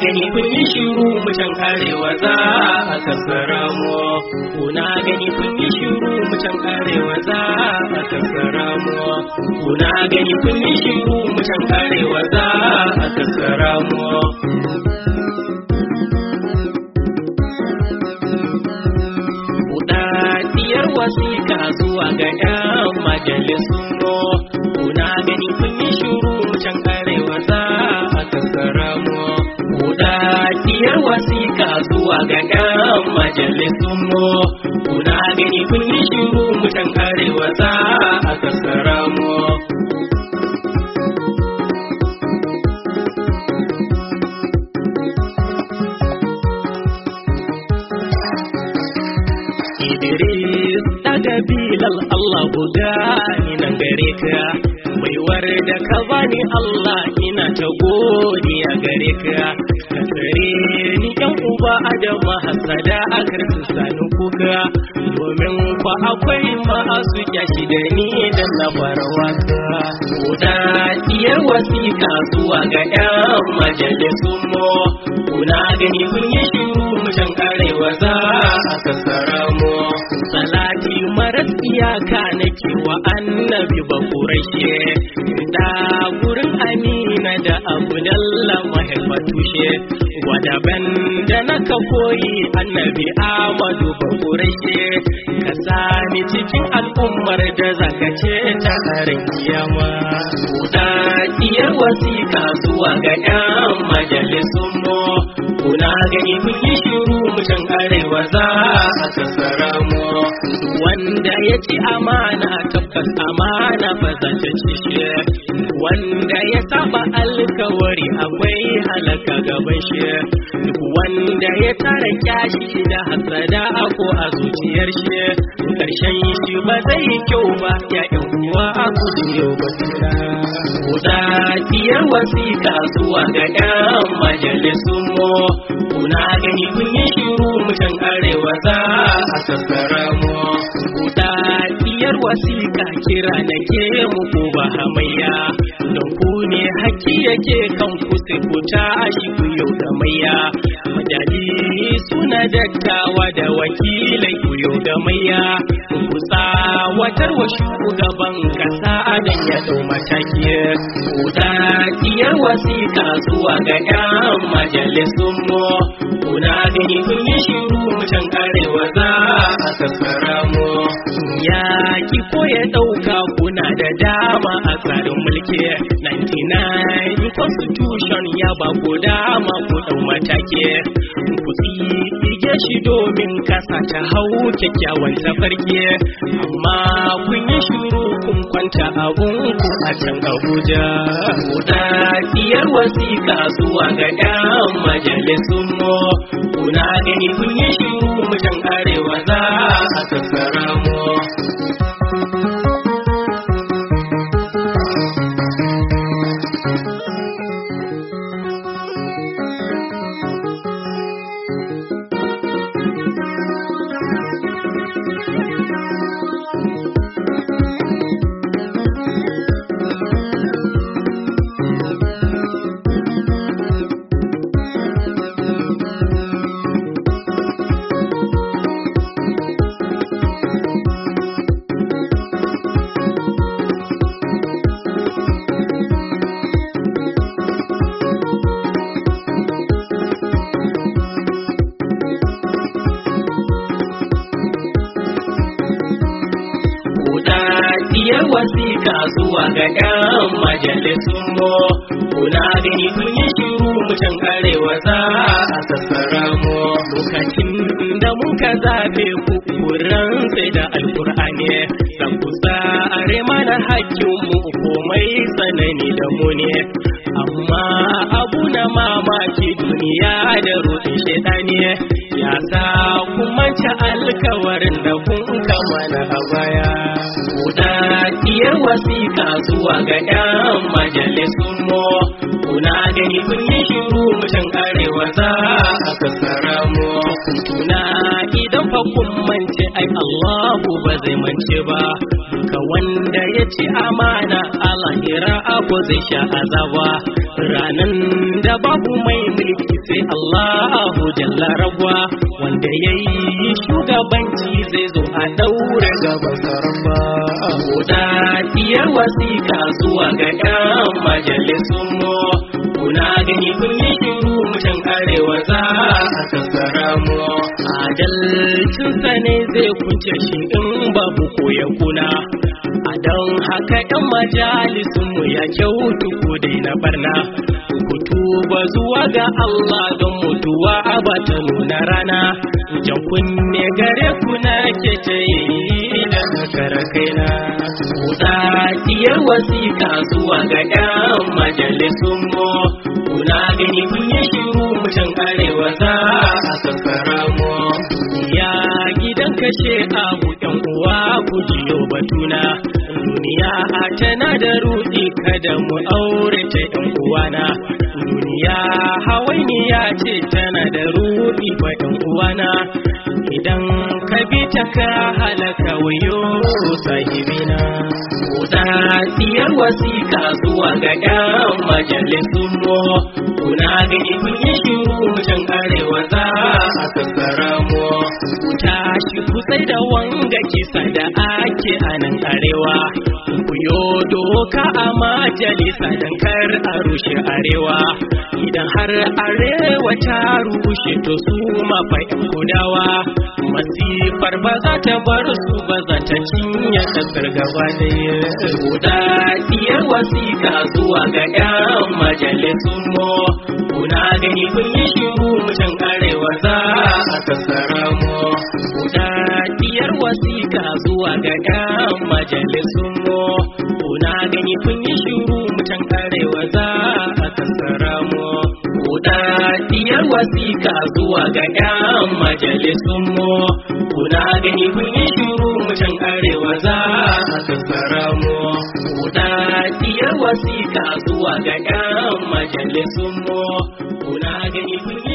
gani kun yi shiru mutan karewa za a kasara mu kuna gani kun yi shiru mutan karewa za a kasara mu kuna gani kun yi shiru mutan karewa za a kasara mu Kuɗaɗiyar wasiƙa zuwa ga 'yan majalisun mu can arewa za a kassara mu Idris daga bilal Allah guda ni nan gare ka baiwar da ka bani Allah ina ta godiya gare ka ka tsare ni yan uba adama hasada a karsu sani kuka domin ba akwai ma'asu kyashi da ni da labarwa ka. guda iyar wasiƙa zuwa ga yan majalisun mo kuna gani kun yi shiru mutan arewa za a sassara mu salati maras iyaka nake wa annabi bakurashe naka koyi annabi Amadu Bakurashe ka sami cikin al'ummar da zaka ce ta harin kiyama. Kuna iyar wasiƙa zuwa ga 'yan majalisun mu kuna gani mun yi shiru mutum arewa za a kasara mu. Wanda ya ci amana tabbas amana ba za ta ci shi wanda ya saba alkawari akwai shi duk wanda ya tara kyashi da hasada ko a zuciyar shi karshen shi ba zai yi kyau ba ya yan uwa a kudu yau ba kuda kiyar wasiƙa zuwa ga yan majalisun mu kuna gani kun yi shiru mutan arewa za a sassara mu kuda kiyar wasiƙa kira na ke muku ba hamayya don ku ne haƙƙi yake kanku a shi ku yau da maiya majaji suna dattawa da wakilai ku yau da maiya ku tsawatar wa shugaban kasa adan ya dau mataki ku kiyar wasika zuwa ga yan majalisun mu kuna gani kun yi shiru can karewa za a sassara mu ya ki ko ya ɗauka kuna da dama a tsarin mulki constitution ya ba ku dama ku ɗau matake ku tsige shi domin kasa ta hau kyakkyawan tafarki amma kun yi shuru kun kwanta abun ku a can abuja ku ɗakiyar wasiƙa zuwa ga 'yan majalisun mu kuna gani kun yi shuru mutan arewa za a sassara mu Takardiyar wasiƙa zuwa ga 'yan majalisun mu, kuna gani kun yi shiru mutan arewa za a sassara mu. Lokacin da muka zabe ku kuran sai da alkur'ani, san kusa are mana hakkin mu komai tsanani da mu ne. Amma abu na mamaki duniya da ruɗin shaɗani ya sa kuma alkawarin da kun kamana a baya. Buɗa biyar wasiƙa zuwa ga 'yan majalisun mo kuna gani sun yi shiru mutum arewa za a kasara mu. Kuna idan fa kun mance ai Allahu ba zai mance ba, ka wanda ya ci amana alahira abu zai sha azaba. Ranan da babu mai mulki sai Allahu jalla rabwa wanda ya yi shugabanci zai zo a daura gabansa. wasiƙa zuwa ga 'yan majalisun mu kuna gani kun yi shiru mutan arewa za a sassara mu adalcin ne zai kunce shi in babu koya kuna a don haka 'yan majalisun mu ya kyautu ko dai na barna ba zuwa ga Allah don mutuwa ba ta nuna rana jan kunne gare ku na ke ta yi kaina. Kuɗaɗiyar wasiƙa zuwa ga ƴan majalisun mu, kuna gani kun yi shiru mutum arewa za a sassara mu. Ya gidan kashe abu ɗan uwa ku jiyo batuna, duniya tana da ruɗi kada mu aure ta ɗan uwana. Duniya hawainiya ce tana da ruɗi ba ɗan uwana. halaka halaka wayo sahibina siyar wasika zuwa ga yan majalisun mu Kuna ga ibin ya can arewa za a kankara mu Ku tashi ku da wanga kisa da ake a nan arewa yo doka a majalisa don kar a rushe arewa idan har arewa ta rushe to su mafa yan kudawa masifar ba za ta bar su ba za ta cinye kasar gaba da guda diyar wasiƙa zuwa ga yan majalisun mu kuna gani kun yi shiru mutum arewa za a kasara mu guda diyar wasiƙa zuwa ga yan majalisun mu gani kun yi shiru mutan karewa za a kasara mu kuda diyar wasika zuwa ga yan majalisun mu kuda gani kun yi shiru mutan karewa za a kasara mu kuda diyar wasika zuwa ga yan majalisun mu kuda gani kun yi